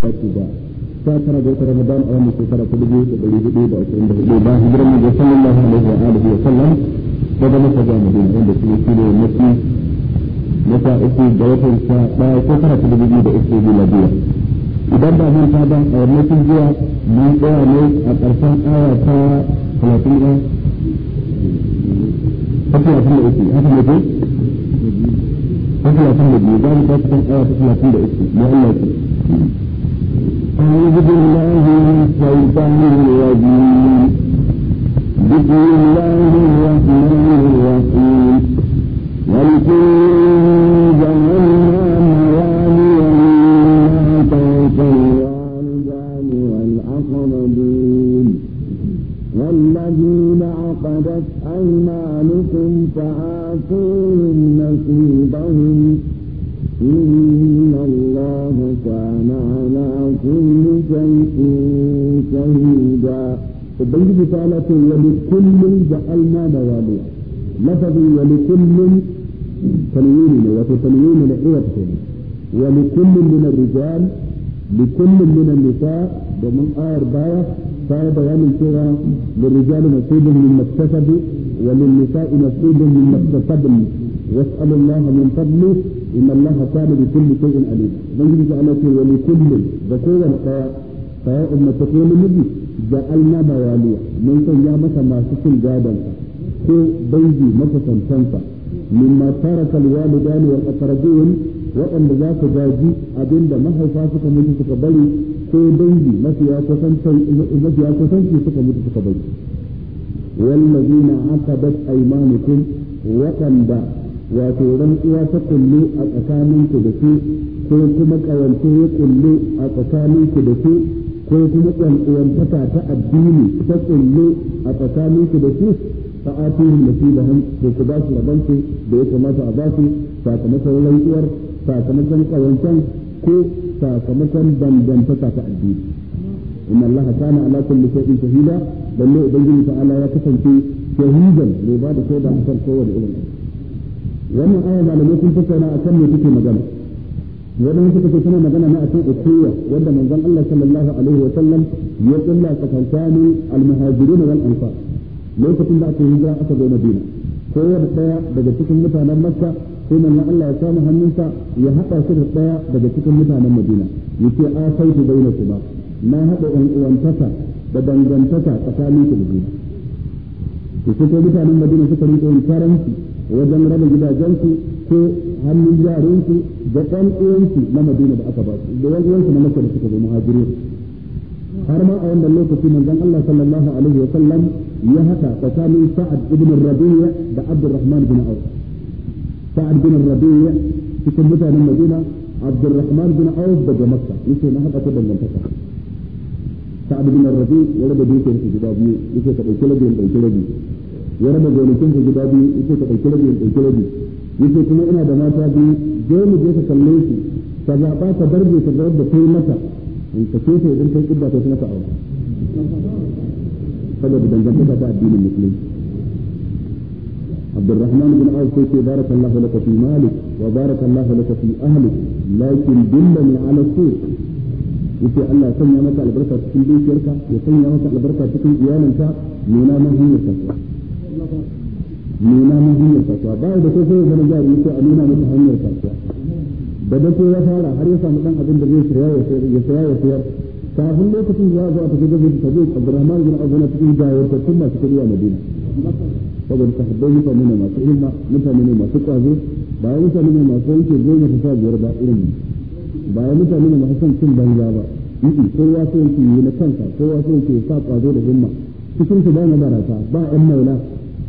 wato ba ta tara da ramadan a wannan shekara ta dubu da ɗari hudu da ashirin da hudu ba hijiran manzo sallallahu alaihi wa alihi wa sallam daga masa zuwa madina wanda shi ne shine mafi mata uku da watan sha ɗaya shekara ta dubu da uku miladiya idan ba mun ta ba a wannan jiya mu tsaya ne a ƙarshen aya ta talatin da ta talatin da uku haka ne da biyu za mu ta cikin aya ta talatin da uku ya Allah أعوذ بالله من الشيطان الرجيم بسم الله الرحمن الرحيم ولكل جعلنا موالي مما ترك الوالدان والأقربين والذين عقدت أيمانكم فآتوا رسالة ولكل جعلنا مواليا لفظ ولكل تنوين وتنوين لعوض ولكل من الرجال لكل من النساء ومن آية باية فهي بيان كده للرجال نصيب مما اكتسبوا وللنساء نصيب مما اكتسبن واسأل الله من فضله إن الله كان بكل شيء عليم. من يجعل ولكل ذكورا أمة متقين النبي da alma ba waliya mun san ya masa masu cin gadon ko dangi makasantanta min ma fara kalwa da dani wa qarabiyin waɗanda za ka gaji abinda mahaifa suka mutu suka bari ko dangi mafiya kusantan mafiya kusanci suka mutu suka bari wallazina aqadat aymanukum waɗanda wato ran ta kullu a tsakaninku da ko kuma kawance ya kullu a tsakaninku da ko kuma ɗan'uwantaka ta addini ta kullu a tsakanin su da su da atihim da ko ba su rabansu da ya kamata a ba su sakamakon rantsuwar sakamakon ƙawancen ko sakamakon dangantaka ta addini in inna allaha kana ala kulli shay'in shahida lalle ubangiji ta'ala ya kasance shahidan mai ba da shaida akan kowane irin wannan aya malamai sun tattauna akan me take magana waɗanda suka ce tana magana na akan ukuwa wanda manzon Allah sallallahu alaihi wa sallam ya kulla tsakanin al-muhajirin wal ansar lokacin da aka hijira aka zo Madina ko wanda daya daga cikin mutanen Makka sai manzon Allah ya samu hannunsa ya haɗa shi da daya daga cikin mutanen Madina yace a sauki baina kuma na haɗa ɗan uwantaka da dangantaka tsakanin ku da juna to sai mutanen Madina suka rike yin karanci wajen raba gidajensu ko hannun yaransu da ɗan uwansu na madina da aka ba su da yan uwansu na makka da suka zo muhajiri har ma a wannan lokaci manzon Allah sallallahu alaihi wa sallam ya haka tsakanin Sa'ad ibn Rabi'a da Abdurrahman bin Auf Sa'ad bin Rabi'a cikin mutanen Madina Abdurrahman bin Auf daga Makka yace na haka ta dangantaka Sa'ad bin Rabi'a ya raba dukiyar su guda biyu yace ka dauki rabi dauki rabi ya raba gonakin su guda biyu yace ka dauki rabi dauki rabi yake kuma ina da mata biyu je mu je ka kalle su ka zaɓa ka darbe ka zaɓa da kai mata in ka ce ta idan kai kibba ta maka aure saboda dangantaka ta addinin musulunci عبد الرحمن بن عوف يقول بارك الله لك في مالك وبارك الله لك في أهلك لكن دلني على السوق yace Allah ya sanya maka albarka cikin dukiyarka ya sanya maka albarka cikin iyalinka nuna mun hanyar kasuwa nuna mun hanyar kasuwa ba da ko sai zama jari ko a nuna masa hanyar kasuwa da dako ya fara har ya samu dan abin da zai saya ya saya ya sayar kafin lokacin ya zo a tafi da ta zai Abdurrahman bin Auf na cikin jawurtattun masu kudi a Madina saboda ta haɗe mutane ne masu ilma mutane ne masu kwazo ba ya mutane ne masu yanke goma su sa biyar ba irin ba ya mutane ne masu son cin banza ba yi kowa so yake yi na kansa kowa so yake sa ƙwazo da himma cikin su ba na barasa ba ƴan maula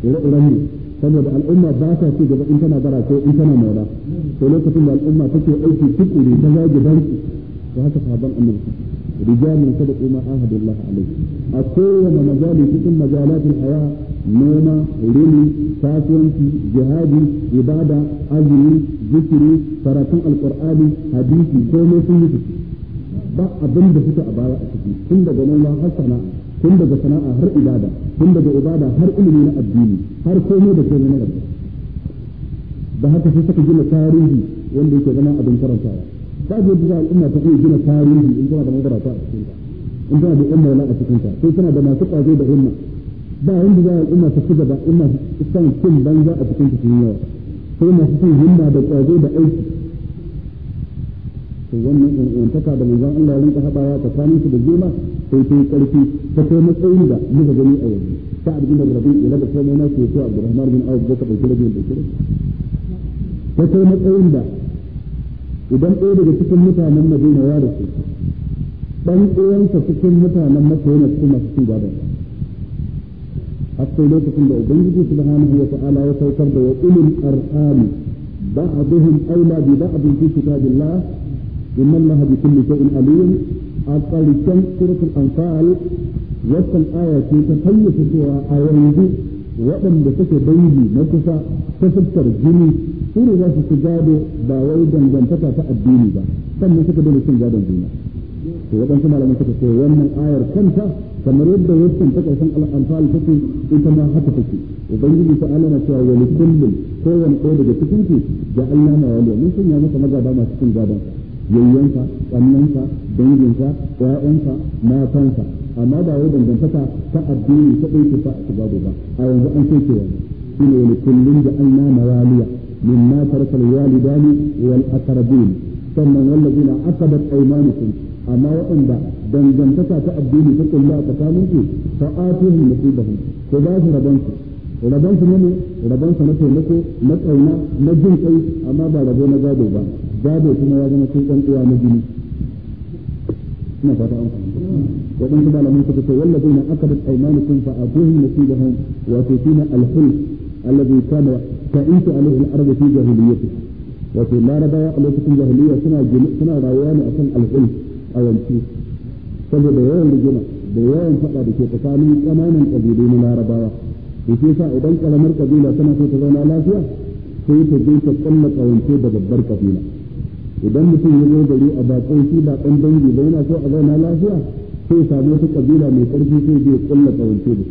ire-iren ne saboda al'umma ba ta ce gaba in tana bara ko in tana maula to lokacin da al'umma take aiki tukuri ta zagi banki to haka sahabban annabi رجال صدقوا ما عاهد الله عليه أقوى مجالي cikin مجالات haya noma rini kasuwanci jihadi ibada azumi zikiri karatun alqur'ani hadisi komai sun yi ba abin da suka a baya a ciki tun daga noma har sana'a tun daga sana'a har ibada tun daga ibada har ilimi na addini har komai da komai na rabbi da haka sai suka gina tarihi wanda yake zama abin karantawa ba zai buga al'umma ta iya gina tarihi in tana da madarata a cikinta in tana da yan maula a cikinta sai tana da masu kwazo da himma ba wanda za a al'umma ta cigaba ina son cin banza a cikin ta yawa sai masu cin himma da kwazo da aiki to wannan in in taka da manzon Allah ya rinka hadawa tsakanin su da juna sai sai karfi ta kai matsayin da muka gani a yanzu ta abin da rabi ya daga sai na su to Abdurrahman bin Auf da ta dauki rabin da kire ta kai matsayin da idan ɗaya daga cikin mutanen Madina ya rasu dan ɗayansa cikin mutanen Makka yana cikin masu cin gaba hatta lokacin da ubangiji subhanahu wa ta'ala ya saukar da wa ulul arham ba'dhum aula bi ba'd fi kitabillah إن الله بكل شيء عليم أقل كم سورة الأنفال وصل آية في تحيث سوى آيانه وأن بسك بيدي نكسا تسفتر جيني سورة الله سجاده باويدا جنفتا تأبيني با كم نسك بيدي سجادا جينا وأن كما لم تكن في يوم من آية كم فمرد يسكن تكا سن الأنفال تكي إنت ما حتفكي وبيدي سألنا سوى ولكل كوان قولة تكيكي جعلنا ما يليه من سنة نسمى جابا ما سكن جابا yayyanka kannanka danginka ƴaƴanka matanka amma ba wai dangantaka ta addini ta ɗauke ta a babu ba a yanzu an ce cewa shine wani kullum da an nama waliya mimma tarkal walidani wal aqrabin sannan wallazina aqabat aymanukum amma waɗanda dangantaka ta addini ta kulla a tsakaninsu fa'atuhum nasibahum ko ba su rabansu rabon su ne rabon sa na taimako na kauna na jin kai amma ba rabo na gado ba gado kuma ya zama sai ɗan uwa na jini ina fata an fahimta waɗansu malaman suka ce wallazi na akadat aymanukum fa abuhu nasibahum wa tutina al-hulm alladhi kana ta'intu alayhi al-ardu fi jahiliyyatiha wato larabawa a lokacin jahiliya suna suna rayuwa ne akan al-hulm a wanci saboda yawan rigima da yawan faɗa da ke tsakanin ƙananan ƙabilu na to shi yasa idan kalamar kabila tana so ta zauna lafiya sai ta je ta kalla kawance da babbar kabila idan mutum ya zo gari a bakon shi ba dan dangi ba yana so a zauna lafiya sai samu wata kabila mai karfi sai je kalla kawance da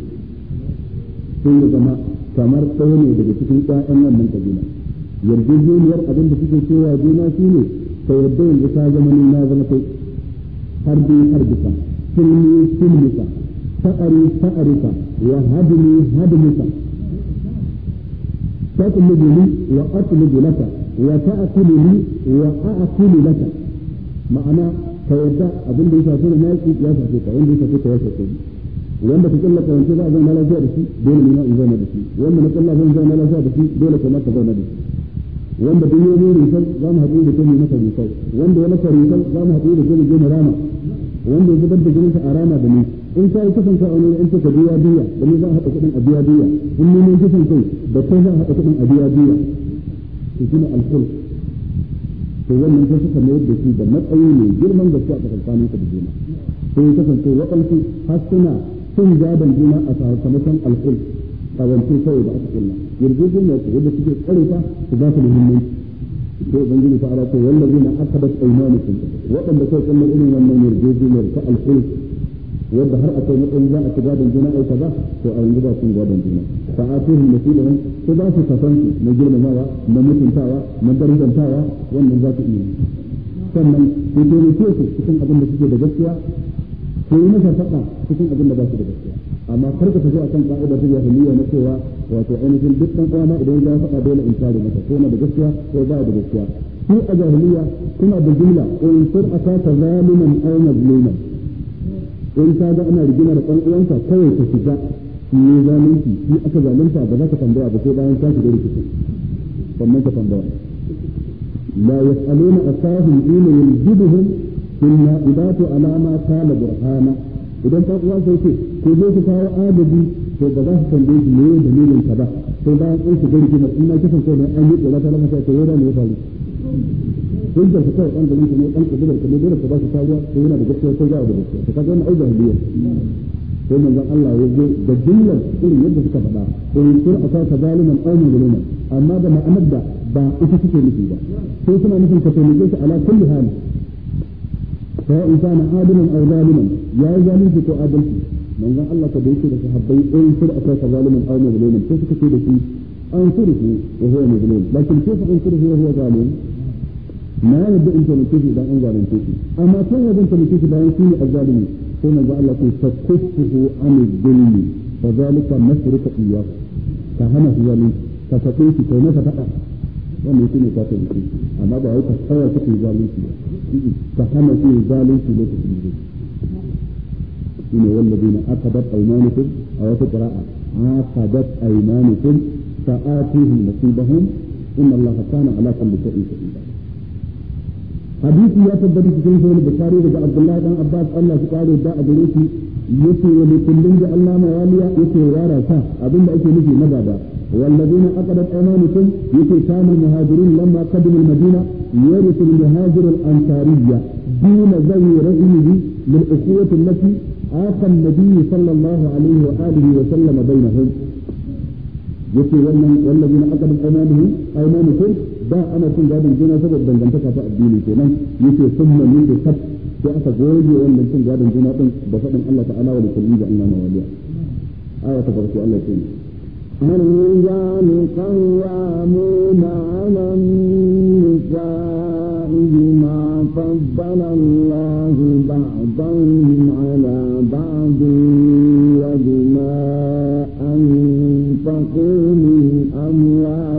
sai ya zama kamar ɗaya ne daga cikin ƴaƴan wannan kabila yarjejeniyar abin da suke cewa juna shi ne ta yarda yanzu ta zama ni na zama kai har biyu har bisa sun yi sun bisa fa'ari وهدني هدمك تطلب لي وأطلب لك وتأكل لي وأأكل لك معنى فيبدأ أبن بيسا سورة مالكي يا شافيك وإن بيسا فيك يا شافيك wanda ka kalla kawance za a zauna lafiya da shi dole ne in zauna da shi wanda na kalla zan zauna lafiya da shi dole kuma ka zauna da shi wanda duk yayin rikan za mu haɗu da kai maka rikan wanda ya maka rikan za mu haɗu da kai mu je mu rama wanda ya zubar da a rama da ni in sai kusan sai wani in ta biya biya da ni za a haɗa kuɗin a biya biya in ni ne kusan sai da ta za a haɗa kuɗin a biya biya su shi ne alkul to wannan sai suka mayar da shi da matsayi ne girman gaske a tsakanin ka da juna sai kasance waɗansu har suna sun gaban juna a sakamakon alkul kawance kawai da aka kulla yarjejin ne ku wanda suke tsare ta su ba su muhimmanci sai ubangiji ta ala ce na akadat aymanukum waɗanda kai kullum irin wannan yarjejin ne ta alkul Yadda har akwai matsayi za a ci gadon juna aika ba to a yanzu ba sun gadon juna fa atuhum nasibahum ko ba su kasan na girmamawa na mutuntawa na darajantawa wannan za ku iya sannan ku taimake su cikin abin da suke da gaskiya ko yi masa faɗa cikin abin da ba su da gaskiya amma kar ka tafi a kan ka'ida ta jahiliya na cewa wato ainihin duk ɗan ƙwana idan ya faɗa dole in kare masa ko na da gaskiya ko ba da gaskiya ko a jahiliya kuna da jumla in sur aka zaliman aw mazluman in ta ga ana rigima da ɗan uwansa kawai ka shiga shi ne zalunci shi aka zalunta ba za ka tambaya ba sai bayan ka shiga rikici sannan ka tambaya yas'aluna asahum ina حين يلجدهم النائبات ala ma kana burhana idan ta uwa sai ce ko zo ku kawo adabi to ba za su tambaye shi meye dalilin ka ba sai bayan an shiga rigimar in na kisan ko dan an yi tsoro ta lafa ta to yau da ne ya faru hujjar ka kawai ɗan garin ka ne ɗan ƙudurar ka ne dole ka ba shi kariya ko yana da gaskiya ko ba da gaskiya ka kaga wannan aibin biyu sai manzon Allah ya zo da jumlar irin yadda suka faɗa ko in kun asa ka zaliman da mazluman amma da ma'anar da ba ita suke nufi ba sai suna nufin ka taimake shi ala kulli hali sawa'in kana adilan aw zaliman ya yi zalunci ko adalci manzon Allah ka da yake da sahabbai in kun asa ka zaliman aw mazluman sai suka ce da shi an kurhu wa huwa mazlum lakin kaifa an kurhu wa huwa zalim na yadda in taimake shi idan an zalunce shi amma kan yadda in taimake shi bayan shi ne azzalimi sai manzo Allah ke fakkuhu an zulmi fa zalika masruka iyyahu ka hana shi zalunci ka sake shi kai masa fada wannan shi ne ka taimake shi amma ba wai ka tsaya kake zalunci ba ka hana shi zalunci lokacin da shi ne wallazina akabat aymanukum a wata qira'a akabat aymanukum fa'atihim nasibahum inna Allah kana ala kulli shay'in qadir hadisi ya tabbata cikin sahih bukhari daga abdullahi dan abbas Allah ya kare da a gare shi yace wa kullun da Allah ma waliya yace wara ta abin da ake nufi na gaba wallazina aqadat ya yace kamu mahajirin lamma qadimu almadina yarithu almuhajir alansariyya دون ذوي رأيه للأخوة التي آخى النبي صلى الله عليه وآله وسلم بينهم يقول والذين أقبل أمامهم أمامكم da ana cin gadin juna saboda dangantaka ta addini kenan yake sunna min da sab sai aka goge wannan cin gadon juna din da faɗin Allah ta'ala wa kulli da Allah ma waliya aya ta farko Allah ce الرجال قوامون على النساء بما فضل الله بعضهم على بعض وبما أنفقوا من أموالهم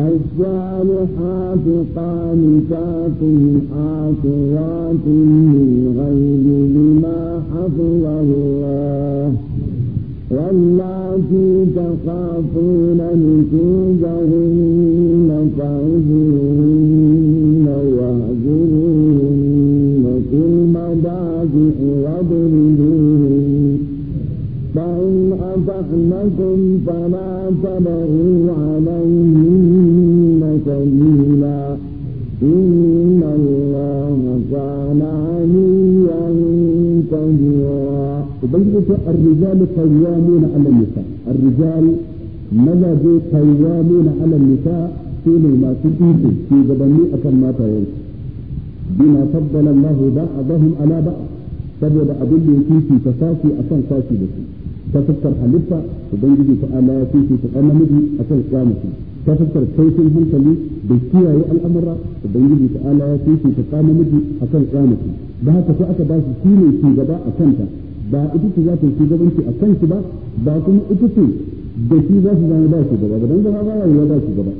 فالصالحات قانتات عاقرات للغيب بما حفظ الله واللاتي تخافون نشوزهن فاهجروهن واهجروهن في المضاجع واضربوهن فإن أطعنكم فلا تبغوا عليهن سبيلا إن الله كان عليا كبيرا وبيت الرجال قوامون على النساء الرجال قوامون على النساء a kan matayen bima faddala Allah ba'dahum ala ba'd saboda abin da yake fifita sashi da su ta fuskar halitta ubangiji ta ala ya fifi ta ɗan namiji a kan kwamaki ta fuskar kaifin hankali da kiyaye al'amura ubangiji ta ala ya fifi ta ɗan namiji a kan kwamaki da haka sai aka ba shi shi ne shugaba a kanta ba ita ce za ta yi shugabanci a kansu ba ba kuma ita ce da shi za su zama ba shugaba ba don zama ba ya ba gaba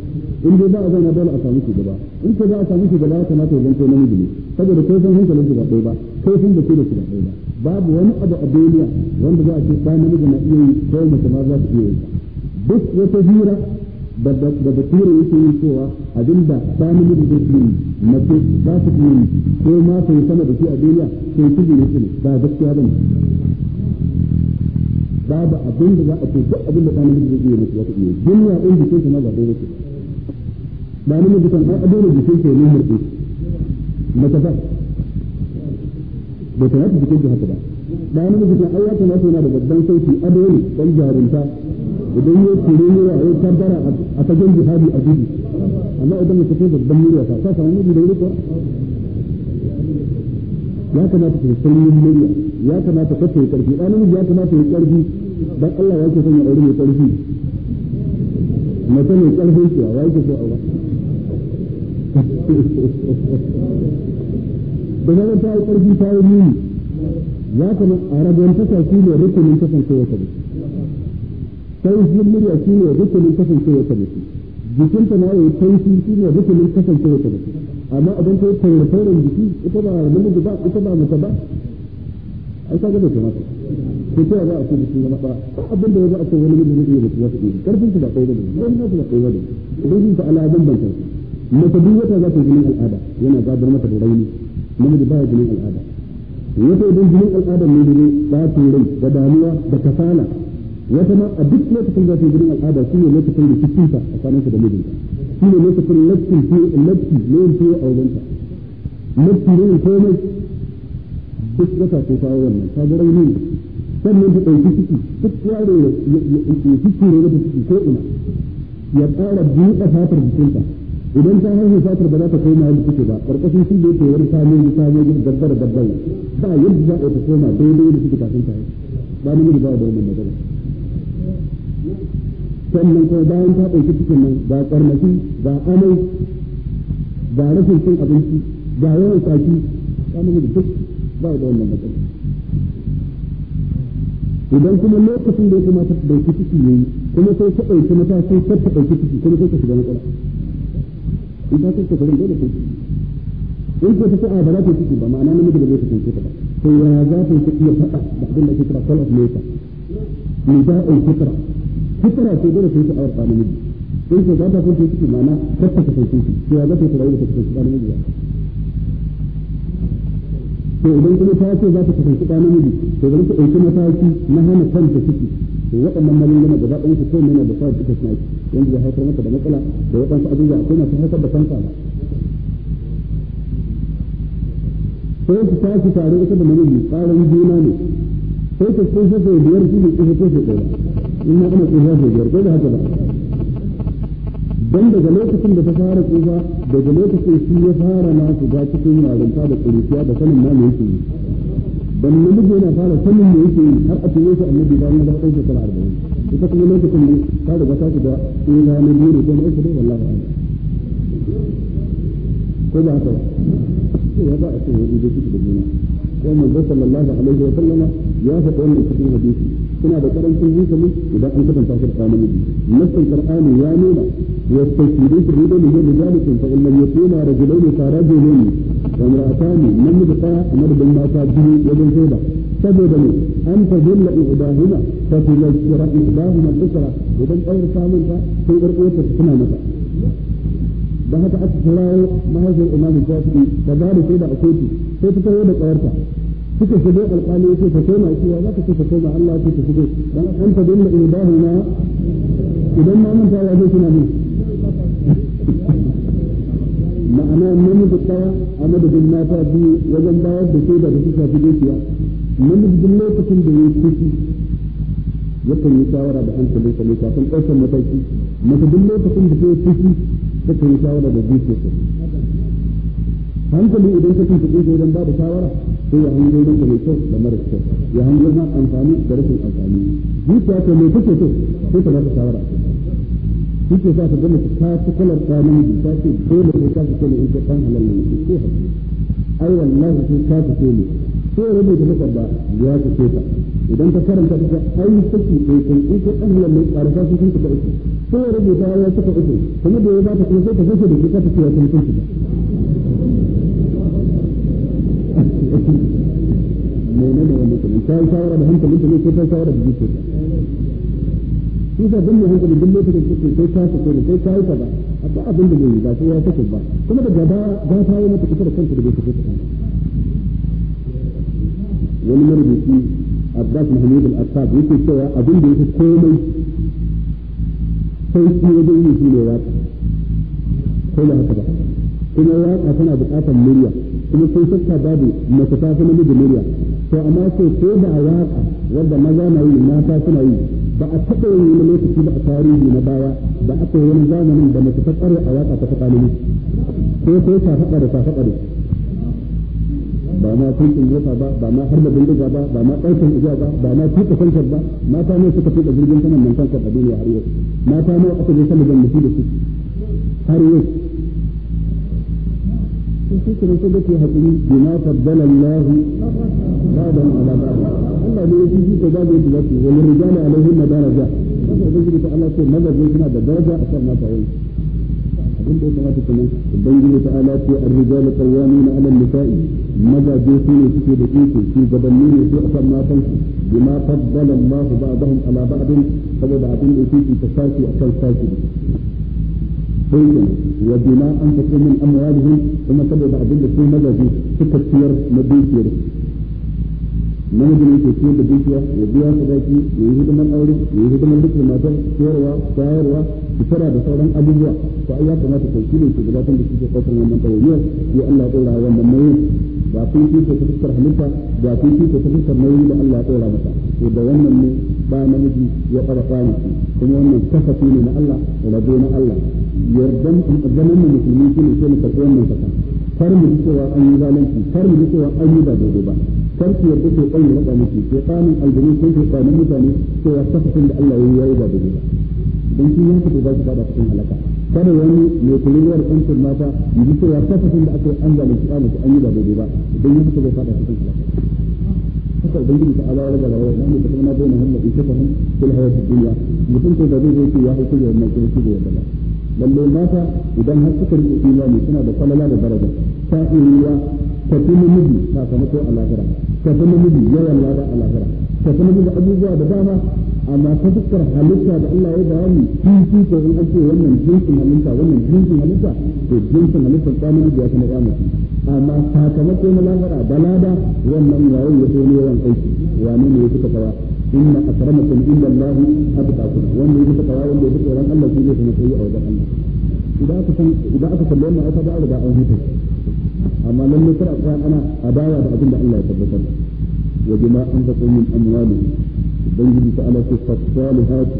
in dai ba a zana dole a samu gaba in ko ba a samu gaba ya kamata ya zanto namiji ne saboda kai san hankalin su ba ɗaya ba kai san da ke da su ba ɗaya ba babu wani abu a duniya wanda za a ce ba namiji na iya yi ko mace ma za su iya yi duk wata hira da da da yake yin cewa abinda ba namiji zai iya yi mace ba su yi ko ma sai sama da shi a duniya sun fi ne su ba gaskiya bane babu abin da za a ce duk abin da ɗan namiji zai yi musu wata iya duniya ɗin jikin ma ba dole ce ba namiji kan ɗan adon da jikin ke ne mace ba bai kamata jikin ke haka ba ba namiji kan ai ya kamata yana da babban sauti ado ne ɗan jarumta idan ya kure ne ya yi tabbara a fagen jihadi a gudu amma idan mace ta babban murya ta ta samu miji da wuri kuwa ya kamata ta sanyin murya ya kamata ta ta yi karfi ɗan namiji ya kamata ya karfi dan Allah ya ke son ya aure mai karfi mace mai karfin kiwa ya ke so aure da zaran ta yi karfi ta yi muni ya kamata a rabuwan ta shi ne rukunin kasancewa ta da sai shi murya shi ne rukunin kasancewa ta da shi jikin ta na yi tausi shi ne rukunin kasancewa ta mutum amma idan ta yi tauraron jiki ita ba namiji ba ita ba mace ba ai ka gaba ta mata ko ta za a ce jiki na ba ba abin da ya za a ce wani namiji ne da ya fi karfin su ba kai bane wani nasu ba kai bane idan ta ala abin ban karfi mace duk wata za ta jinin al'ada yana gabar mata da raini namiji ba ya jinin al'ada wata idan jinin al'ada ne da ne ba ta rai da damuwa da kasala wata ma a duk lokacin da ta gudun al'ada shi ne lokacin da cikin ta a kwanan da mijinta shi ne lokacin lafti ko lafti ne yin tuwo a wajenta lafti ne yin komai duk wata ko kawo wannan ta ga rauni sannan da ɗauki ciki duk yaro ya ciki ne wata ciki ko ina ya ƙara buɗe fatar jikinta idan ta haihu fatar ba za ta koma yadda take ba ƙarƙashin shi da yake wani samun samun gabbar gabbar ba yadda za a ta koma daidai da suke kafin ta haihu ba namiji ba da wannan magana sannan kuma bayan ta ɗauki cikin nan ga ƙarnaki ga amai ga rashin cin abinci ga yawan saki ta nuna da duk ba da wannan matsala idan kuma lokacin da ya kamata ta ɗauki ciki ne kuma sai ta ɗauki mata sai ta ɗauki ciki kuma sai ta shiga matsala ita ta ta farin dole ta in ko ta a ba za ta ciki ba ma'ana namiji da zai ta ciki ta ba sai ya za ta iya faɗa da abin da ake kira salat nesa nida'ul fitra fitara ce dole sai sha'awar ba namiji in ce ba ta kun ciki ma'ana kasta ka sauke shi to ya za ta rayu da ta sauke ba namiji to idan kuma ta ce za ta kasance ɗan namiji to bari ta ɗauki mataki na hana kanta ciki to waɗannan magunguna gaba ɗayan su kai yana da kawai suka suna shi yanzu ya haifar maka da matsala da waɗansu abubuwa akwai masu haifar da kansa ba sai su tashi tare ita da namiji tsarin juna ne sai ta kun shafe biyar shi ne ita ko shi ɗaya in ana tsufa da biyar ko da haka ba dan daga lokacin da ta fara tsufa daga lokacin shi ya fara ma su ga cikin yarinta da kuruciya da sanin ma me yake yi dan namiji yana fara sanin me yake yi har a tuye shi annabi ba na zaɓar shekara arba'in ita kuma lokacin ne ta riga ta shiga tsufa na biyu ne ko na uku ne wallahi ko ba haka ba ya ba a ce ya yi da juna ko manzo sallallahu alaihi wa sallama ya faɗa wannan cikin hadisi suna da karancin hankali idan an kasanta su da ɗan namiji nassan qur'ani ya nuna wa tasbihu fi dini min zalikum fa illam yakuna rajulayn fa rajulayn wa imra'atani man mutqa amadun mata biyu wajen shaida saboda ne an ta zilla ihdahuma fa tunzira ihdahuma al-ukhra idan ɗaura samun ta sai ƙarƙotar suna mata da haka aka kirawo mahaifin ta shafi'i da ba da shaida a kotu sai ta kawo da ƙayarta suka shigo alƙali yake ka koma cewa za ka ce ka koma Allah yake ka shigo dan an fa dinna ibahu na idan ma mun fara zai suna ne ma'ana namiji ɗaya a madadin mata biyu wajen bayar da shaida da suka shi dukiya namiji duk lokacin da ya kuki yakan yi shawara da hankalin sa ne kafin ɗaukar mataki mace duk lokacin da ta yi kuki takan yi shawara da zuciyarsa hankali idan ka tuntuɓe shi wajen ba da shawara sai ya hango da mai kyau da mara kyau ya hango na amfani da rashin amfani zuciya ta mai kake so sai ta baka shawara shi ke sa ka gama ta ci kalar ta namiji ta ce dole sai ta fito ne in ka ɗan halal ne ko hakki ai wallahi sai ta fito ne ko ya rubuta maka ba ya fito ta idan ta karanta ta ai saki ko kun in ka ɗan halal ne ƙarfa su sun ta uku ko ya rubuta ya ta uku kuma da ya ba ta kuma sai ta zo da ka ta ce ya kun ta ta yi shawara da hankalin ta ne ko ta shawara da zuciya shi sa dan mai hankali duk lokacin da sai ta fito ne sai ta yi kaza amma abin da bai ba sai ya fito ba kuma da gaba ba ta yi mata kusa da kanta da bai ta wani marubuci Abbas Muhammad Al-Attab yake cewa abin da yake komai sai shi wajen yi shi ne waka ko da haka ba kuma waka tana bukatar murya kuma sai sakka babu mace ta fi namiji murya to amma ce ko da a waka wadda maza na yi mata suna yi ba a taɓa yin na lokaci ba a tarihi na baya ba a yi wani zamanin da mace ta tsare a waka ta faɗa ne ko sai ta faɗa da ta faɗa da ba ma tukin gefa ba ba ma har da bindiga ba ba ma ɗaukar ijiya ba ba ma tuka kankar ba mata ne suka tuka jirgin saman nan kankar a duniya har yau mata ne aka je sama jannati da su har yau fi kira su da ke haƙuri ma faddala Allahu بعضا على بعض Allah ne ya fifita babu yadda za su yi wani rijali alaihin na daraja kasa ubangiji ta Allah ce mazaje suna da daraja a kan mata yau abin da ya kamata kuma ubangiji ta Allah ce ar-rijal qawwamin 'ala an-nisa'i mazaje su ne suke da iko su gabanni ne su akan matan su bima faddala Allah ba'dahum 'ala ba'din saboda abin da yake ta sashi akan sashi sai وبما أنفقوا من أموالهم وما سبب أبدا في مدد تكثير مدينة namijin yake ke da dukiya ya biya su zaki ya yi hidiman aure ya yi hidimar dukkan matar ciyarwa shayarwa fitara da sauran abubuwa to ai ya kamata kai shi ne shugabatan da suke ɗaukar wannan ɗawainiyar ya Allah ya ɗora wannan nauyin ba kun fi ta fuskar halitta ba kun fi ta fuskar nauyi da Allah ya tsora mata to da wannan ne ba namiji ya fara tsara tsari kuma wannan kasafi ne na Allah rabo na Allah yardan zaman mu musulmi shi ne sai mu karɓi wannan kasa kar mu ji cewa an yi zalunci kar mu ji cewa an yi ba daidai ba sarki yadda ke kan ya rada miki ke kanin aljini ko ke kanin mutane ko ya tafafin da Allah ya yi ba da ba dan shi ya fito ba shi fada cikin halaka kada wani mai kuliyar ɗancin mata ya ji cewa tafafin da aka yi an zalunci ya mutu an yi ba daidai ba idan ya fito bai fada cikin halaka haka ubangiji ta ala raga rawa wani da kuma na bai muhammad in shafahun kul hayar duniya mutum ko da zai zai ce ya hauku da wannan ko shi da yadda ba lalle mata idan har suka riƙe imani suna da falala da daraja ta iya yiwa ta fi namiji sakamako a lahira ka zama miji yawan lada a lahira ka zama miji abubuwa da dama amma ta fuskar halitta da Allah ya bayani tun shi ko in ake wannan jinsin halitta wannan jinsin halitta to jinsin halitta ta miji ya kuma ya mutu amma sakamako na lahira da lada wannan yayin ya so ne yawan aiki wane ne ya fi kafawa inna akramakum inda Allah abdakum wanda ya fi kafawa wanda ya fi tsoron Allah shi ne kuma sai ya auda Allah idan aka san idan aka kalle wannan aka ba da an huta amma nan ne kira kuma ana adawa da abin da Allah ya tabbatar wa bima anfaqu min amwali ubangiji ta ala ce fasalihatu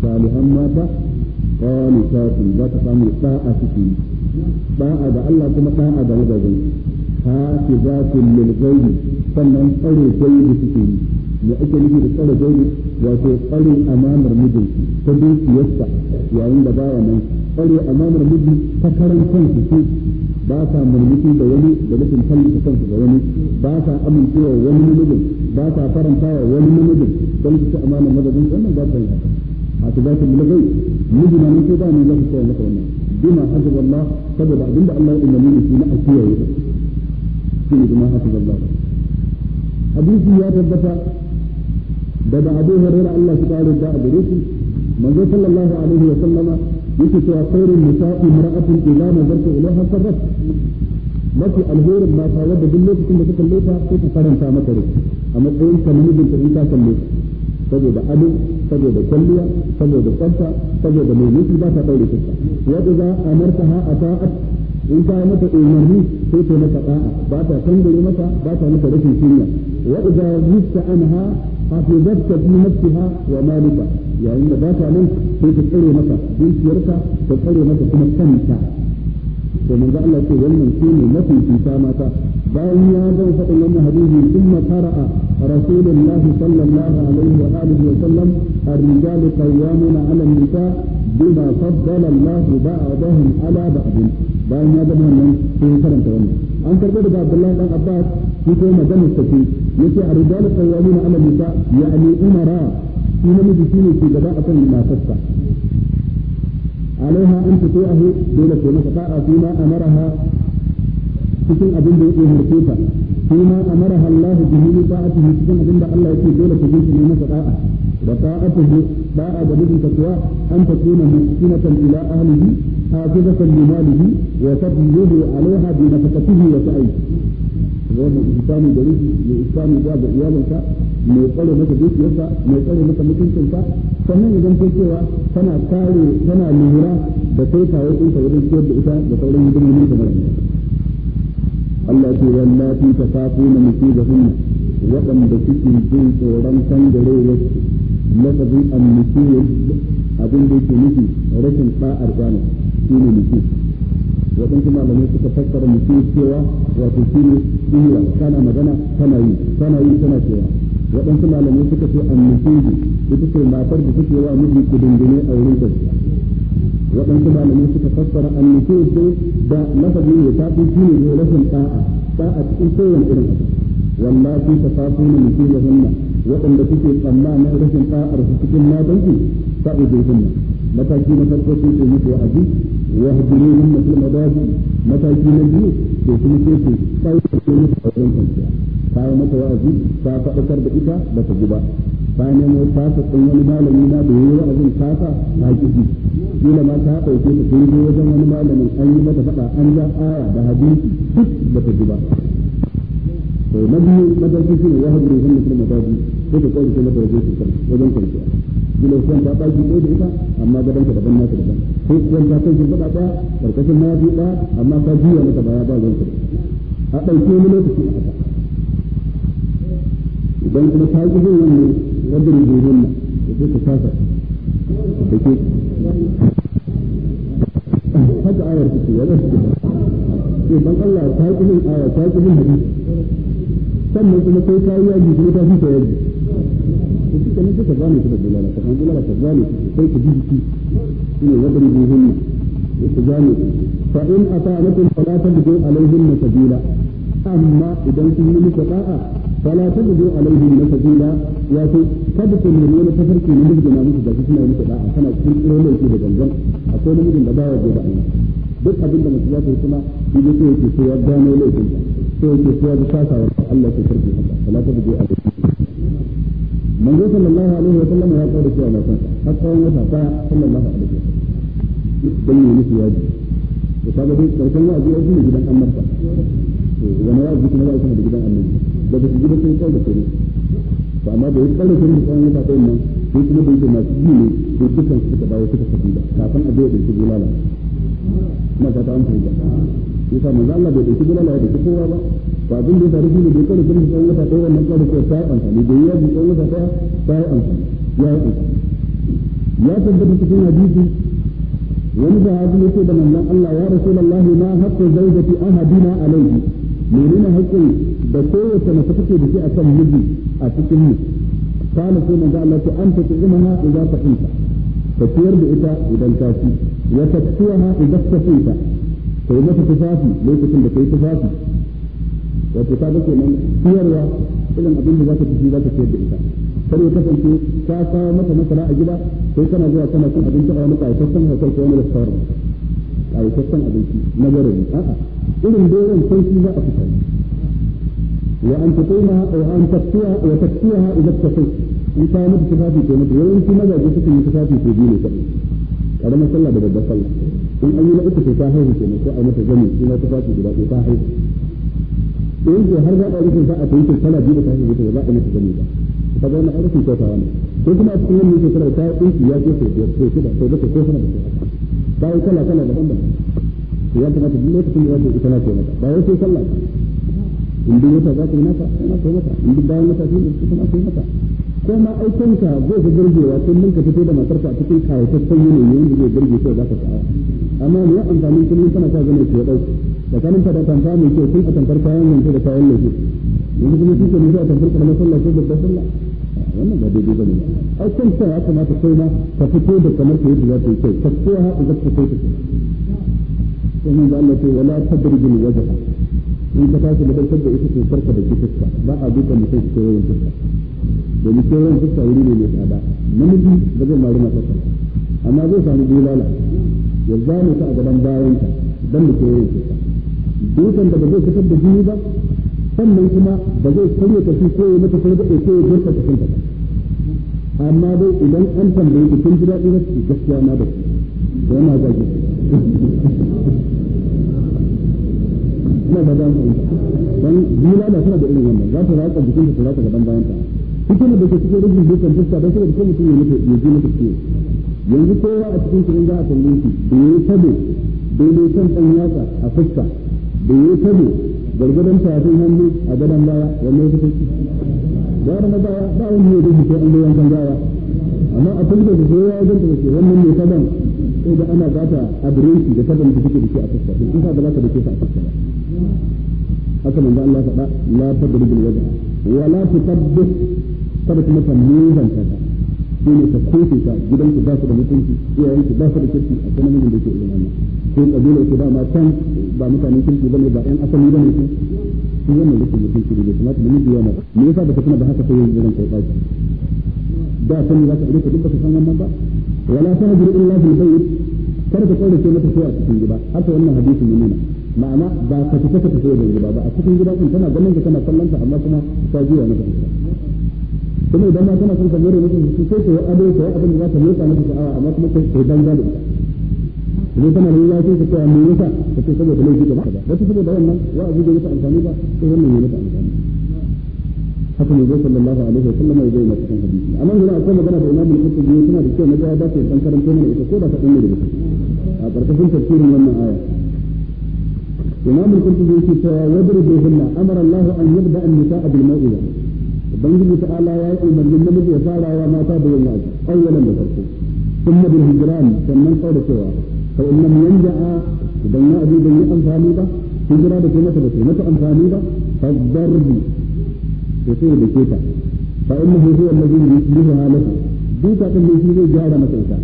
salihan mata qanitatun za ta samu sa'a cikin da'a da Allah kuma da'a da wajen ha ki zatun lil ghairi sannan tsare gaibi cikin ya ake nufi da tsare gauri wato tsare amanar mijin ta dukiyarsa yayin da ba nan tsare amanar mijin ta karan kansu su ba sa mulmuki da wani da nufin tallata kansu da wani ba sa amincewa wani namijin ba sa faranta wa wani namijin don su ci amanar madadin wannan ba ta yi a su ba su mulgai miji na nake ba ne za su koya maka wannan bima hasab Allah saboda abinda Allah ya umarni da shi na a kiyaye shi ne bima hasab Allah hadisi ya tabbata daga abu hurairah Allah su kare da gare shi manzo sallallahu alaihi wa sallama yake cewa khairun nisa'i mar'atun idza nazarta ilaiha sarrat mafi alherin mata wadda duk lokacin da suka leta sai ta faranta maka a matsayin ka namijin ta in ka kalle saboda ado saboda kwalliya saboda tsafta saboda mai nufi ba ta daure wadda za a martaha a ta'at in ta mata umarni sai ta mata da'a ba ta tambaye mata ba ta mata rashin kunya wa idza yusha anha hafizatka fi nafsiha wa malika yayin da ba ta nan sai ta tsare maka dukiyarka ta tsare maka kuma kanta to manzo Allah ce wannan shine mafi cuta mata bayan ya zan faɗin wannan hadisi kuma qara'a rasulullahi sallallahu alaihi wa alihi wa sallam ar-rijalu qawwamuna 'ala an-nisa' بما فضل الله da على بعض bayan ya zama wannan sai ya karanta wannan an karbo daga Abdullahi dan Abbas shi ko magana ta ce yace ar-rijalu qawwamuna 'ala nisa ya'ni umara shi namiji shine ke gaba akan matarsa alaiha an tuti'ahu dole ko masa ta'a fi ma amaraha cikin abin da yake harfe ta fi ma amaraha Allah bihi ta'atihi cikin abin da Allah yake dole ko ji masa وطاعته باع بدل التقوى أن تكون مسكنة إلى أهله حافظة لماله وتبذله عليها بنفقته وسعيه wanda ihsani gare shi ya ihsani da ga iyalinsa mai tsare maka dukiyarsa mai tsare maka mutuncinsa sannan idan kai cewa tana kare tana lura da kai kawo ɗinka wajen ciyar da ita da sauran hidimomin ta mara Allah ce wallahi ta kafu na musibahunna waɗanda suke jin tsoron kangarewar lafazin annukiyin abin da yake nufi rashin sa'ar kwano shi ne nufi waɗansu malamai suka fassara nufi cewa wato shi ne inuwa kana magana kana yi kana yi kana cewa waɗansu malamai suka ce annukiyin ita ce matar da suke wa miji kudungune a wurin gaskiya waɗansu malamai suka fassara annukiyin da lafazin ya tafi shi ne rashin ba'a, ba'a cikin kowane irin abu wallahi tafafuna nusiyahunna waɗanda kuke tsammanin rashin ta'ar su cikin madanki fa'idunna mataki na farko sai ku mutu wa'azi wa hadiruhunna na madaji mataki na biyu sai kuma sai ku tsaya da musu a wajen kwanciya bayan mata wa'azi ta faɗakar da ita ba ta guba ba bayan ya mai fasa ɗin wani malami na da yayi wa'azin fasa ta ki ji kila ma ta ɗauke ta kun wajen wani malamin an yi mata faɗa an ja aya da hadisi duk ba ta guba. to eh, na biyu mataki shi ne ya haɗu da shi mutum ko ta kawai sai mata wajen su kan wajen kwanciya kila kuwan ta ɗaki ɗaya da ita amma gadon ka daban nata daban ko kuwan ta kan shimfiɗa ɗaya ƙarƙashin mayafi ɗaya amma ka juya mata baya ba ruwan ka a ɗauke wani lokaci a haka idan kuma ta ƙi jin wannan rabin jirgin nan da sai ka kasa da haka ayar ta ya zai ce ban Allah ta ayar ta hadisi sannan kuma sai ka yi yaji sai ta fita yaji to shi kenan sai ka zane shi da bulala ka san bulala ka zane shi sai ka jiki shine wadari bi hunna ya ka zane fa in ata'anakum fala tabdu alaihim sabila amma idan kun yi muku da'a fala tabdu alaihim ya ce, kada ku nemi wani tafarki na mijina muku da kuna yi muku da'a kana cikin tsirrai da gangan akwai namijin da ba ya da Allah duk abin da mutum ya kai kuma shi ne sai ya gano laifin sai yake cewa da kasa wa Allah ke karfi haka wala ta buge a cikin manzo sallallahu alaihi wa sallam ya kawo cewa mata har tsawon wata ta sallallahu alaihi wa sallam dan ne nufi yaji to kaga dai karshen wa'azi ya shine gidan annabta to wani wa'azi kuma za a gidan annabi da ba gidan sun kawo da kare to amma da yake kawo da kare tsawon wata nan sai kuma da yake masu yi ne to dukkan su suka dawo suka tafi da kafin a je da su bulala na fata an fahimta yasa manzo Allah bai dauki bulala da kowa ba to abin da ya faru shine bai kawai sun tsawon wata ɗaya wannan kawai ko ta yi amfani da ya bi tsawon wata ɗaya ta yi amfani ya yi amfani ya tabbata cikin hadisi wani da hadu ya ce da manzon Allah ya rasulullahi ma haqqu zawjati ahadina alayhi menene haƙƙin da kowace mace take da shi akan miji a cikin mu kana sai manzo Allah ce an ta tsimana idan ta tsinta ta ciyar da ita idan ta ci ya ta ciyaha idan ta tsinta kai mata tufafi lokacin da kai tufafi wato ka ga kenan siyarwa irin abin da zaka tafi zaka siyar da ita kar ya kasance ka kawo mata masara a gida sai kana zuwa kana cin abinci a wani ƙayataccen hotel ko wani restaurant ƙayataccen abinci na garari a'a irin doron sai shi za a fitar wa an taqima wa an taqtiya wa taqtiha idan taqi in ka mutu tufafi ko mutu yawanci mazaje suke yi tufafi ko biyu ne kadai karamar sallah da babbar sallah in an yi na uku sai ta haihu kenan ko a yi mata gami shi na tufafi guda ta haihu in ko har za a rufin sa a kai ta tana biyu da ta haihu ba a yi mata gami ba ta ga wannan arufin kyautawa ne ko kuma a cikin wannan shekarar ta yi ɗinki ya ce ko biyar ko shida ko bakwai ko sama da ta yi kala kala daban daban ya kamata duk lokacin da ta yi na ce mata ba wai sai sallah in duk wata za ta yi mata, ina mata in duk bayan mata shi ne ta na mata ko ma aikinka zai fi burgewa tun mun ka fito da matarsa a cikin kayataccen yanayi wanda zai burge ko za ka sa'a amma ne ya amfani kullum kana sa zama ke ɗauki kanin da tamfa mai kyau tun a tamfar kayan yanzu da kayan lafi yanzu kuma shi ke nufi a tamfar karamar sallah ko babbar sallah wannan ba daidai ba ne aikin ka ya kamata kai ma ka fito da kamar ka yadda za ta yi kyau ka fito ha a zaka kai ta kuma da Allah ce wala tadrijul wajha in ka tashi da kai da ita ce farka da kitabka ba a duka mutum ke yawan kitabka domin ran fuska wuri ne mai tsada namiji ba zai maru masa sa amma zai samu bulala ya zama ta a gaban bayanta dan da yin fuska dukan da ba zai fitar da jini ba sannan kuma ba zai karya ta shi ko ya mata sargaɗe ko ya jirka ta kanta ba amma dai idan an tambaye ki kin ji daɗi ba ki gaskiya na da ki yana zaki ina ba za mu dan bulala suna da irin wannan za ta ratsa jikin ta ratsa gaban bayanta hikimar da ke cikin rubin dukkan fuska don saboda kai mutum ya mutu ya ji mutu ke yanzu kowa a cikin kirin za a kalle shi da ya yi tabo daidai kan ɗan yasa a fuska da ya yi tabo gargadon tafin hannu a gadon baya wannan ya fi wani ba wani ne da shi an zo yankan gawa amma a fuska da sai ya zanta wannan ne taban sai da ana gata a bureki da taban da suke da a fuska sun za ka da ke a fuska ba haka manzo Allah faɗa la wa la tuqaddis kada kuma ta nuna ta shi ne ta kofe ta gidanku ba su da mutunci iyayenku ba su da kirki a kuma mijin da ke irin wannan sai kabilar ku ma can ba mutane kirki bane ba yan asali bane su shi wannan da ke mutunci da kuma da miji yana me yasa ba ka tuna da haka sai yanzu ran kai baki da san za ka rika duk ba ka san wannan ba wala tahjur illa bil bayt kada ka kaurace mata sai a cikin gida haka wannan hadisin ya nuna ma'ana ba ka fita ka tafi da gida ba a cikin gida kun tana ganin ka tana kallon ta amma kuma ta jiya na ka kuma idan ma kana son ka mere mutum jiki sai ka ado ka abin da za ka motsa maka sha'awa amma kuma kai kai banza da ita ne kana ne ya ce ka ce me yasa ka ce saboda laifi da ba wata saboda wannan wa abu da yasa amfani ba sai wannan ne yasa amfani haka ne sallallahu alaihi wa sallam ya zai na cikin hadisi amma ina akwai magana da imamu al-qurtubi yana da kyau na ga da ke san karanto mana ita ko da ka dinne da ita a karkashin tafsirin wannan aya إمام القرطبي في ويضرب بهن أمر الله أن يبدأ النساء بالموئلة ubangiji ta ala ya yi umarnin namiji ya farawa mata da yin yaji awwalan da farko kuma bil hijran sannan da cewa fa in lam yanja'a idan ya abi bai yi amfani ba hijira da kuma ta ba sai mata amfani ba fa darbi to sai da keta fa innahu huwa alladhi yusliha lahu duka din da shi zai gyara masa ita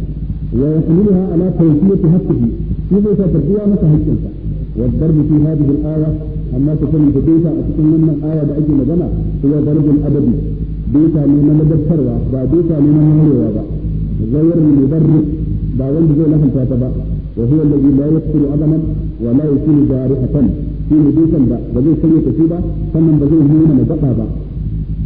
wa yahmiluha ala tawfiyati haqqihi shi zai ta tafiya masa haƙƙinsa wa darbi fi hadhihi al-aya amma su sanin da bisa a cikin wannan aya da ake magana huwa darbul adabi bisa ne na ladabtarwa ba bisa ne na morewa ba ghayr mudarris ba wanda zai lahanta ta ba wa huwa alladhi la yaqtiru adaman wa la yusiru jarihatan shi ne bisan da ba zai sanya kashi ba sannan ba zai nuna na ba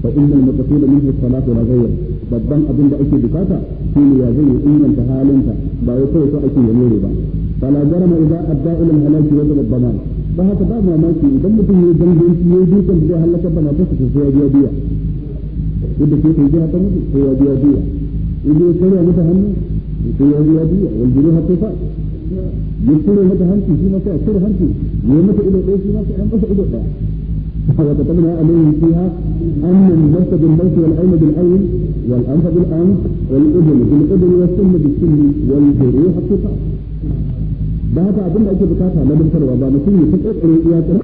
fa innal maqsuda minhu salatu la ghayr babban abin da ake bukata shi ne ya zai inganta halinta ba wai kawai so ake ya more ba fala jarama idza adda ila al-halaki wa al don haka ba mamaki idan mutum ya danganci ya dukan da zai halaka ba na fasa ya biya biya yadda ke kai jiha ta ko ya biya biya mata hannu ko ya biya biya fa ya mata shi ya mata ido ɗaya shi masa ido ɗaya عليه فيها أن النفس بالنفس والعين بالعين والأنف بالأنف والأذن بالأذن والسن بالسن والجروح ba haka abin da ake bukata dantarwa ba mutum ya fi tsakare iyakar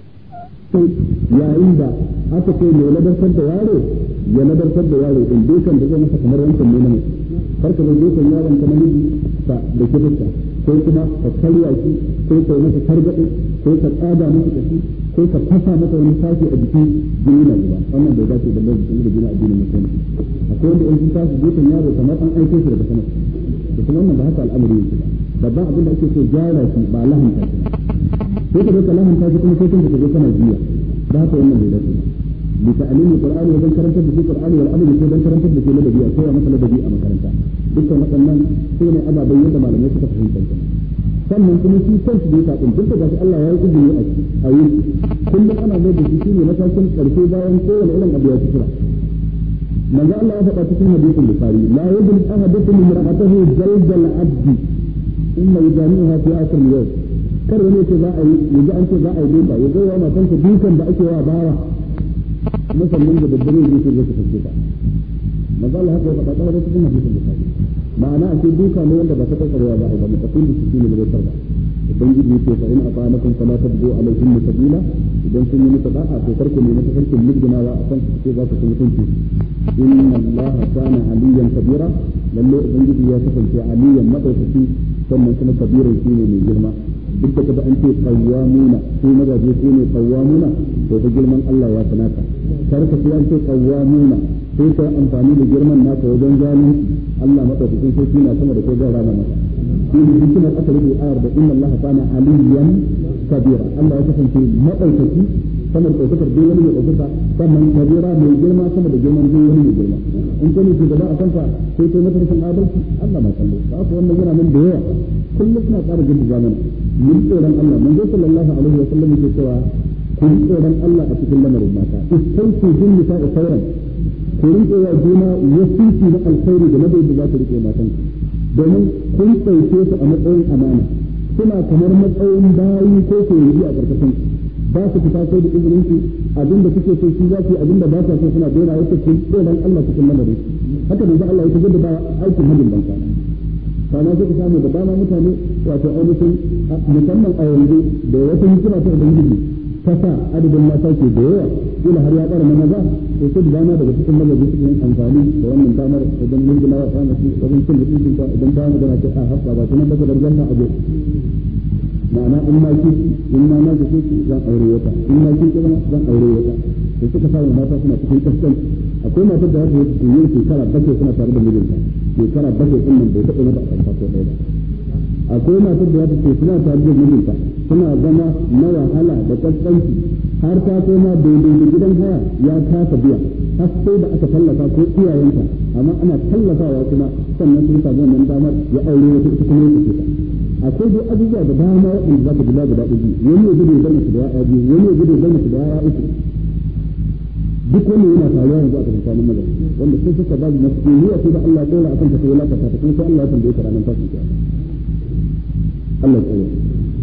yayin da aka ce mai ladarsar da yaro ya ladarsar da yaro in dukan da zai masa kamar wancan ne na mutum kar ka zai dukan yaron kamar yadda da ke ko kuma ka karya shi ko ka yi masa targaɗe ko ka tsada masa kashi ko ka fasa masa wani sashi a jikin jini na ba wannan bai dace da mai jikin da jini a jinin musulmi akwai wanda yanzu tashi gefen yaro kamar an aiko shi daga sama da kuma wannan ba haka al'amari yake ba babban abin da ake so gyara shi ba lahanta shi ko ka ka lahanta shi kuma sai kanka ka zo kana jiya ba haka wannan bai dace ba بتعليم القرآن وذن كرمت بشي القرآن والعمل بشي ذن كرمت بشي لدبي أكوى مثل لدبي أما كرمت dukkan waɗannan su ne ababen yadda malamai suka fahimta sannan kuma shi kansu da ya taɓin duk da gashi Allah ya yi izini a shi a yi kullum ana mai da shi ne matakin ƙarshe bayan kowane irin abu ya fi kira manzo Allah ya faɗa cikin hadisin Bukhari la yadul ahadukum imra'atahu jaldal abdi inna fi akhir yawm kar wani ce za a yi yanzu an ce za a yi duka ya zo wa dukan da ake wa bawa musamman da ba manzo Allah ya faɗa cikin hadisin Bukhari ma'ana a ce duka ne wanda ba ta kasarwa ba a ba mutakun da su ne bai sarba ubangiji a fa in afa lakum a laifin alaihim sabila idan sun yi masa da'a to karku ne masa karkin ba a kan su ce za su kuma tuntu inna allah kana aliyan kabira lalle ubangiji ya kasance aliyan madaukaki sannan kuma kabiran shi ne mai girma duk da kada an ce qawwamuna su mazaje su ne qawwamuna to da girman Allah ya tanaka kar ka ce an ce qawwamuna sai ka amfani da girman naka wajen zalunci Allah madaukakin sai na sama da kai zai rana maka shi ne hikimar asali da ayar da inna Allah kana aliyan kabira Allah ya kasance madaukaki sanar ɗaukakar duk wani mai ɗaukaka sannan kabira mai girma sama da girman duk wani mai girma in kai ne gaba a kanta sai kai mata rashin adalci Allah ma kallo ba ku wannan yana nan da yawa kullum suna ƙara girma zamani mun tsoron Allah manzo sallallahu alaihi wa sallam yake cewa ku yi tsoron Allah a cikin lamarin mata jin nisa a sauran ku riƙe wa juna wasiki na alkhairi da nabi da za ku riƙe matanku domin kun ɗauke su a matsayin amana suna kamar matsayin bayan ko koyi a ƙarƙashin ba su fita sai da izinin su abin da suke so shi za su abin da ba su so suna dora wata kun dan Allah cikin lamarin haka ne da Allah ya tabbata ba aikin hadin banka kana na ka samu da dama mutane wato ainihin musamman a yanzu da wata hikima ta ubangiji ta sa adadin mata ke da yawa kila har ya ƙara na maza to sai da dama daga cikin mazaji yin amfani da wannan damar idan mun gina wa kwanaki wajen cin mutuncinta idan ta magana ce a haɓɓa ba ta nan daga dargan na abu ma'ana in ma ke in ma na gaje ki zan aure wata in ma ke kuma zan aure wata da suka samu mata suna cikin kaskan akwai mata da wata su yi shekara bakwai suna tare da mijinta shekara bakwai din nan bai taɓa ba a ko ɗaya ba akwai mata da wata ke suna tare da mijinta suna zama na wahala da kaskanci har ta koma daidai da gidan haya ya kasa biya har sai da aka tallafa ko iyayenta amma ana tallafawa kuma sannan sun samu wannan damar ya aure wata ita kuma ya ta akwai dai abubuwa da dama waɗanda za ka ji guda daɗi biyu wani ya gudu ya zama su da ya'ya biyu wani ya gudu ya zama su da ya'ya uku duk wanda yana faruwa yanzu a tsakanin magana wanda sun suka masu mas'uliyya sai da Allah ya tsora akan ta sai ya lakata ta kuma sai Allah ya tambaye ta ranar tashin kiyama Allah ya tsaya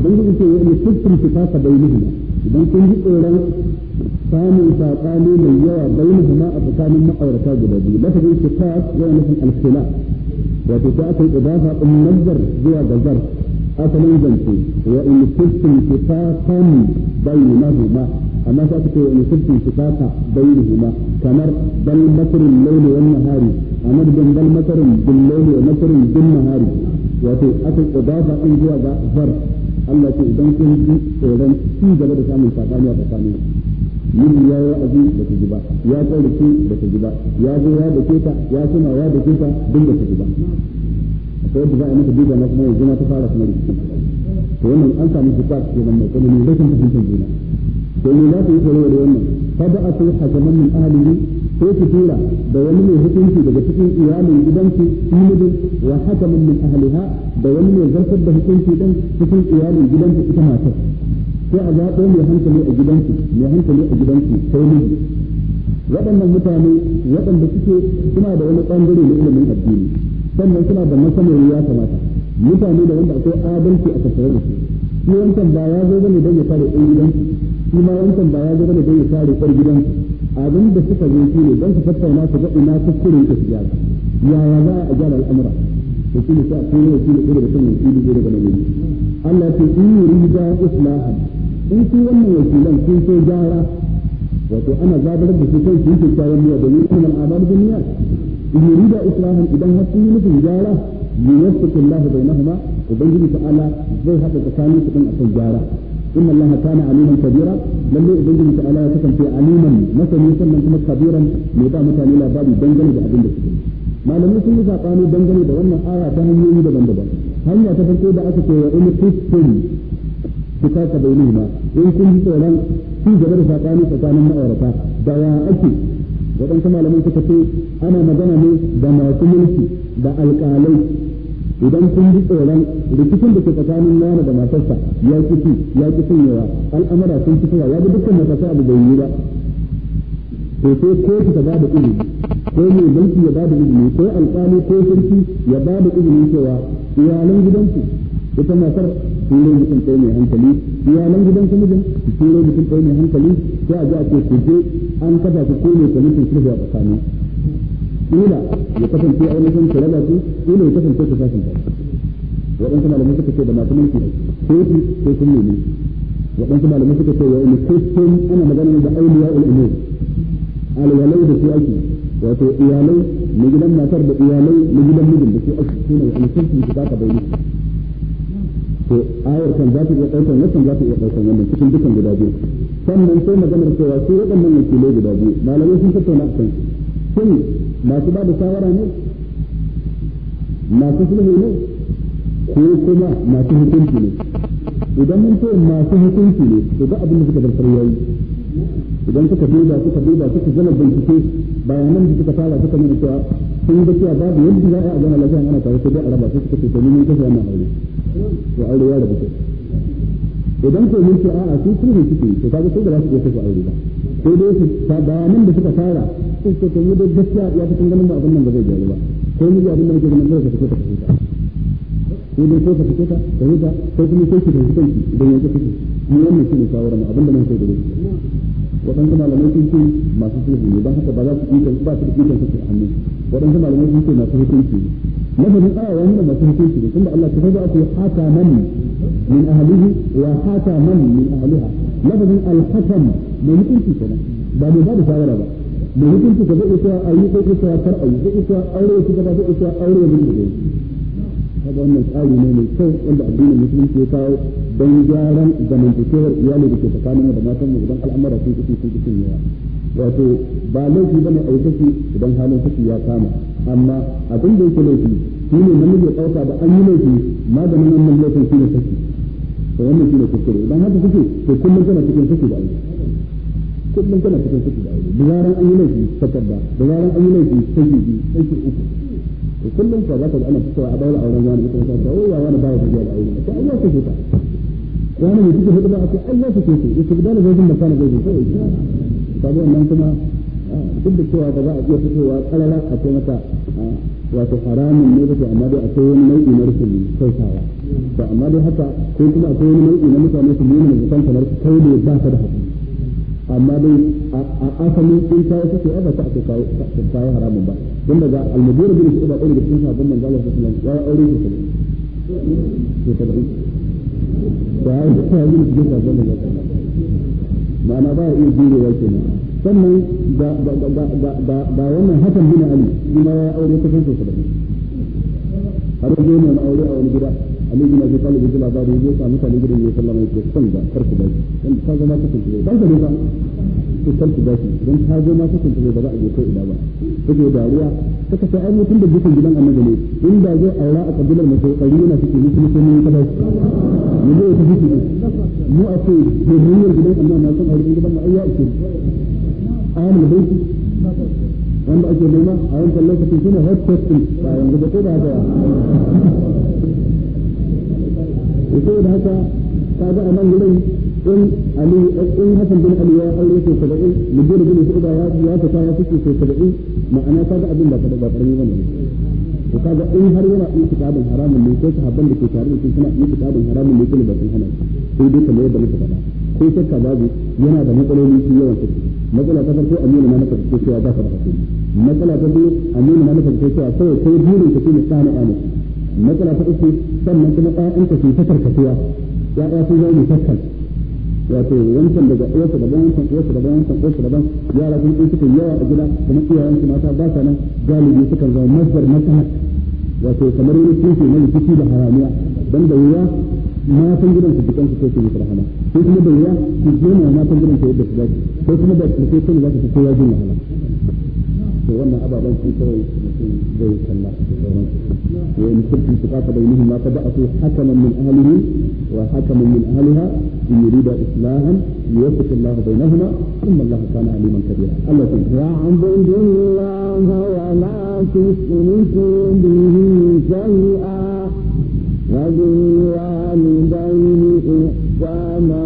ubangiji ce ya mutum su kasa bayyana idan kun ji tsoron samun saɓani mai yawa bayyana a tsakanin ma'aurata guda biyu lafazin kitab yana nufin alkhila wato sai aka yi idafa din nazar zuwa ga zar asalin zance wa in kuntum kitabam bainahuma amma sai aka ce wa in kuntum kitaba bainahuma kamar bal makrul layli wan nahari amma dan bal makrul bil layli wa makrul bin nahari wato aka idafa din zuwa ga zar Allah ce idan kun ji tsoron ci gaba da samun sakani a tsakanin yin ya yi wa'azi da ta ya ƙarfi da ta ji ya zo ya da keta ya suna ya da keta duk da ta ji ba akwai da za a yi mata duba na kuma yanzu na ta fara kuma rikicin to wannan an samu su kwasu ke nan mai tsanani rashin fahimtar juna to ne za ta yi tsoro da wannan kada a sai hakaman min sai su tura da wani mai hukunci daga cikin iyalin gidansu imidin wa hakamin min ahliha da wani mai zartar da hukunci din cikin iyalin gidansu ita matar sai a zaɓo mai hankali a gidansu mai hankali a gidansu sai miji waɗannan mutane waɗanda suke suna da wani ɓangare na ilimin addini sannan suna da masanari ya kamata mutane da wanda akwai adalci a tattare da su shi wancan ba ya zo bane don ya kare ɗan gidansu shi ma wancan ba ya zo bane don ya kare ɗan gidansu abin da suka zo shi ne don su tattauna su ga ina kuskuren ta shiga yaya za a gyara al'amura to shi ne sai a koyo shi ne daga kan da ko daga namiji Allah ce in yi riga islahan in su wannan wakilan sun so gyara wato ana zabarar da su kan su yake kyawun niyya domin kuma al'adar duniya in yi riga islahan idan har sun yi nufin gyara yuwaffiqu Allah bainahuma ubangiji ta'ala zai haɗa tsakanin su a kan gyara إن الله كان عليما كبيرا لم يؤذن تعالى يتكلم في عليما مثلا يسمى كما كبيرا لذا مثلا إلى باب دنجل بأبن بسكين ما لم يكن إذا قالوا دنجل بأن آية تنمي بأبن بسكين هل يتفكر بأسك وإن كتن بكاك بينهما إن كنت سؤالا في جبر فاقاني فكان مأورتا دواءك waɗansu malaman suka ce ana magana ne da masu mulki da alƙalai idan kun ji tsoron rikicin da ke tsakanin nana da matarsa ya ki ci ya ki cinyewa al'amara sun ci cewa ya ga dukkan matasa abu bai yi ba to ko kotu ta bada izini ko mai banki ya bada izini ko alƙali ko sarki ya bada izini cewa iyalan gidanku ita matar sun mutum ɗaya mai hankali iyalan gidan kuma jin mutum ɗaya mai hankali sai a ji a ce ku je an kafa ku ko mai kwamitin sulhu a tsakanin kila ya kasance a wani sun raba su kila ya kasance su fashin ba waɗansu malamai suka ce da masu mulki ne ko su ko sun nemi waɗansu malamai suka ce wa in kristin ana magana da auliya ul'umur alwalai da su ake wato iyalai na gidan matar da iyalai na gidan mijin da su ake su ne in su su ka bai to ayar kan za ta iya ɗaukar wannan za ta iya ɗaukar wannan cikin dukkan guda biyu sannan sai maganar cewa su waɗannan wakilai guda biyu malamai sun tattauna a kansu shin masu ba da shawara ne masu sulhu ne ko kuma masu hukunci ne idan mun ce masu hukunci ne to duk abin da suka bar yayi idan suka duba suka duba suka gama bincike bayanan da suka fara suka nuna cewa sun ga cewa babu yadda za a yi a zama lafiya ana tare sai dai a raba su suka ce to mun kashe wannan aure to aure ya rabu idan ko mun ce a'a su sulhu suke to kaga sai da za su iya kashe aure ba sai dai bayanan da suka fara sai ce to ni da gaskiya ya fi ganin ba abin nan ba zai gyaru ba ko ni abin da nake ganin ba zai fito ta fahimta ko dai ko ka fito ta fahimta ko kuma ko ki fahimta ki da yanzu kike ni wannan shine shawara mu abin da nake da shi waɗansu malamai sun ce masu sulhu ne don haka ba za su ikon ba su ikon su a hannu waɗansu malamai sun ce masu hukunci ne lafazin aya ya nuna masu hukunci ne tunda Allah ta faɗa akwai hata man min ahlihi wa hata man min ahliha lafazin al-hakam mai hukunci kenan ba mai ba da shawara ba da hukunci ka zai isa a yi ko isa kar a yi zai isa aure su gaba zai isa aure bin da dai kaga wannan tsari ne mai kyau wanda addinin musulunci ya kawo don gyaran zamantakewar iyali da ke tsakanin da matan mu idan al'amura sun kuɗi sun kuɗi yawa wato ba laifi ba ne a yi idan halin kuɗi ya kama amma abin da yake laifi shi ne namiji ya ɗauka da an yi laifi maganin wannan laifin shi ne saki to wannan shi ne kuskure idan haka kuke to kullum kana cikin saki da aiki kullum kana cikin ciki da aure da zaran an yi laifi takarda da zaran an yi laifi sai biyu sai uku to kullum ka za ka ana fitowa a bayar auren wani ita ta ta oya oh, wani baya tafiya da aure ta Allah sai ta wani ne kike hudu ba ta Allah sai ta ita da da zai makana zai sai ta ba wannan kuma duk da cewa ba za a iya fitowa kalala a ce mata wato haramun ne kake amma dai akwai wani nau'i na rashin kyautawa to amma dai haka ko kuma akwai wani nau'i na mutane su nuna mutan kamar kai ne ba ka da hakuri amma dai a asali in kawo ta ce ba ta ake kawo haramun ba don daga almudura su ba ɗaya daga cikin sabon manzo Allah sallallahu alaihi wasallam ya aure shi ne to da ya yi ta cikin sabon manzo ma'ana ba ya iya kenan sannan da wannan hakan bin ali shi ma ya aure ta kansa sabon har zai ne na aure a wani gida ali bin abi talib ya labari ya sa mutane gidan ya sallama ya san da karku da shi dan ta zama ta kuntulo dan da ne ba to da shi dan ta zama ta kuntulo ba a je ko ina ba da dariya take sai ai mutum da dukkan gidan annabi ne inda da aura a kabilar mai kokari yana cikin mutum sai mun kada shi mu zai ta fiti mu a ce durriyar gidan annabi na san aure gidan mu ayya uku da baiti wanda ake nema a yankan lokacin suna hot testing ba yanzu ba ko da haka saboda haka kaga a nan gurin in ali in hasan bin ali ya aure sai saba'in mudir bin su'ba ya ya ta ya fice sai saba'in ma'ana kaga abin da kada ba karami bane to kaga in har yana in kitabun haramun ne ko sahabban da ke tare da shi suna in kitabun haramun ne kuma ba sun hana sai dai kamar yadda muka faɗa ko shakka babu yana da matsaloli su yawan su matsala ta farko amina ma na maka cewa ba ka da hakuri matsala ta biyu amina ma na maka cewa kawai sai burin ka shine kana amina matsala ta uku sannan kuma ƴaƴanta su ta karkatuwa ƴaƴa sun zama mutakkan wato wancan daga uwarsa daban wancan uwarsa daban wancan da daban yara sun ɗin suka yawa a gida kuma iyayen su mata ba sa nan galibi sukan zama masdar matsala wato kamar wani tushe na rikici da haramiya dan da wuya matan gidan su dukan su sai su yi rahama sai kuma da wuya su ma matan gidan su yadda su zaki sai kuma da su sai za su kowa jin wahala to wannan ababen sun kawai mutum zai kalla da sauransu وإن خفتم بينهما فبعثوا حكما من أهله وحكما من أهلها إن يريد إصلاحا يوفق الله بينهما إن الله كان عليما كبيرا التي واعبدوا الله ولا تشرك به شيئا وبالوالدين إحسانا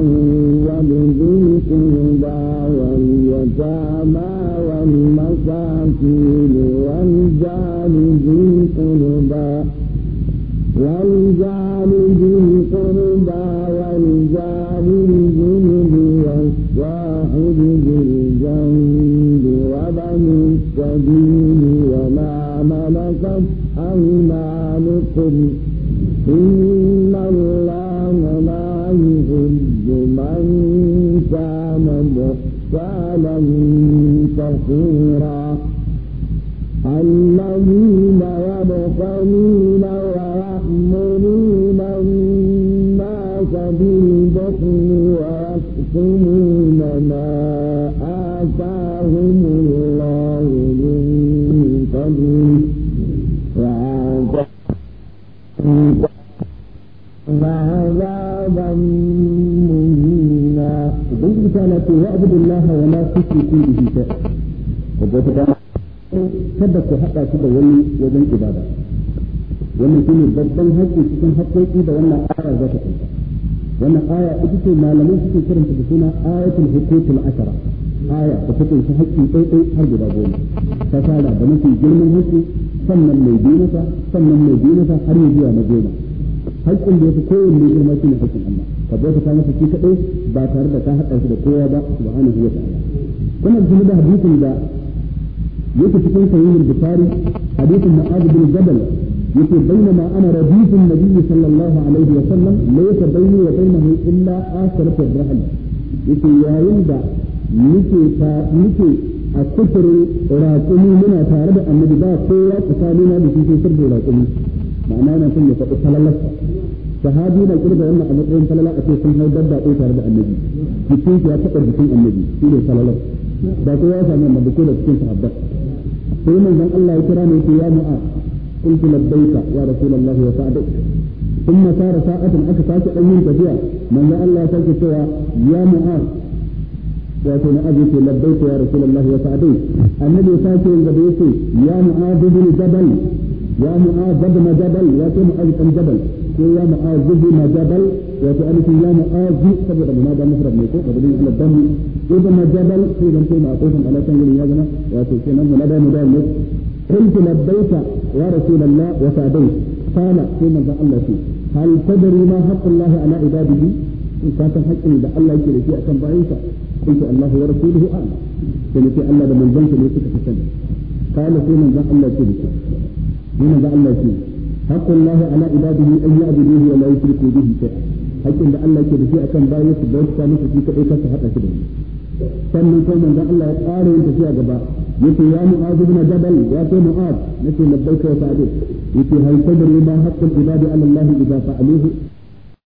وبذي القربى واليتامى والمساكين والجار قربا والجعل به قربا والجعل الجنب والصاحب بالجنب وبن السبيل وما ملكت أيمانكم إن الله لا يحب من كان مختالا فخورا الذين الضالين ويحملون الناس بالبطن ويكتمون ما آتاهم الله من فضله وعذابا مهينا بئس لكم واعبدوا الله ولا تشركوا به شيئا kada ku haɗa su da wani wajen ibada wannan shine babban haƙƙi cikin hakkoki da wannan aya za ta kunta wannan aya ita ce malamai suke karanta da suna ayatul huququl ashara aya da ta kunshi haƙƙi ɗaiɗai har guda goma ta fara da mafi girman haƙƙi sannan mai bi masa sannan mai bi har ya zuwa na goma haƙƙin da ya fi kowanne girma shi ne haƙƙin Allah ka bauta ta masa shi kaɗai ba tare da ka haɗa shi da kowa ba subhanahu wa ta'ala wannan jini da hadisin da yake cikin sahihin bukhari hadisin ma'az bin jabal yake bainama ana rabitun nabi sallallahu alaihi wa sallam laysa baini wa bainahu illa asratu rahl yake yayin da muke ta muke a kusurin raƙumi muna tare da annabi ba kowa tsakanina da shi sai sirrin raƙumi ma'ana yana son ya faɗi falalarsa sahabi na kirga wannan a matsayin falala a ce sun hau dabba ɗaya tare da annabi jikin ya taɓa jikin annabi shi ne falalar ba kowa ya sami annabi ko da cikin sahabba sai manzon Allah ya kira ne ya mu'a قلت لبيك يا رسول الله وسعدك ثم صار ساعة أكثر أيام كثيرة من لأن لا تجد يا مؤاخ وأتون أبيك لبيك يا رسول الله وسعدك النبي صلى الله عليه وسلم يا مؤاخ بن جبل يا مؤاخ بن جبل وأتون أبيك الجبل يا مؤاخ بن جبل وأتون يا مؤاخ سبب ما دام مفرد ميكو وبدون أن الدم ابن جبل في ذنبه ما أقولهم على سنجل يا جماعة وأتون أبيك لبيك قلت لبيك يا رسول الله وسعديت قال ثم ذا الله فيه هل تدري ما حق الله على عباده إن كان حق إذا الله يجري في أكم بعيسى قلت الله ورسوله أعلم قلت الله لمن بنت ليسك تسلم قال ثم ذا الله فيه ثم ذا الله فيه حق الله على عباده أن يعبدوه ولا يشركوا به شيئا حق إذا الله يجري في أكم بعيسى بوسكا نفسك إيكا سحقا كده sannan ko manzon Allah ya ƙara yin tafiya gaba yace ya mu'az na jabal ya ce mu'az nace labbaika wa sa'id yace hal da ma haqqul ibadi ala allah idza fa'aluhu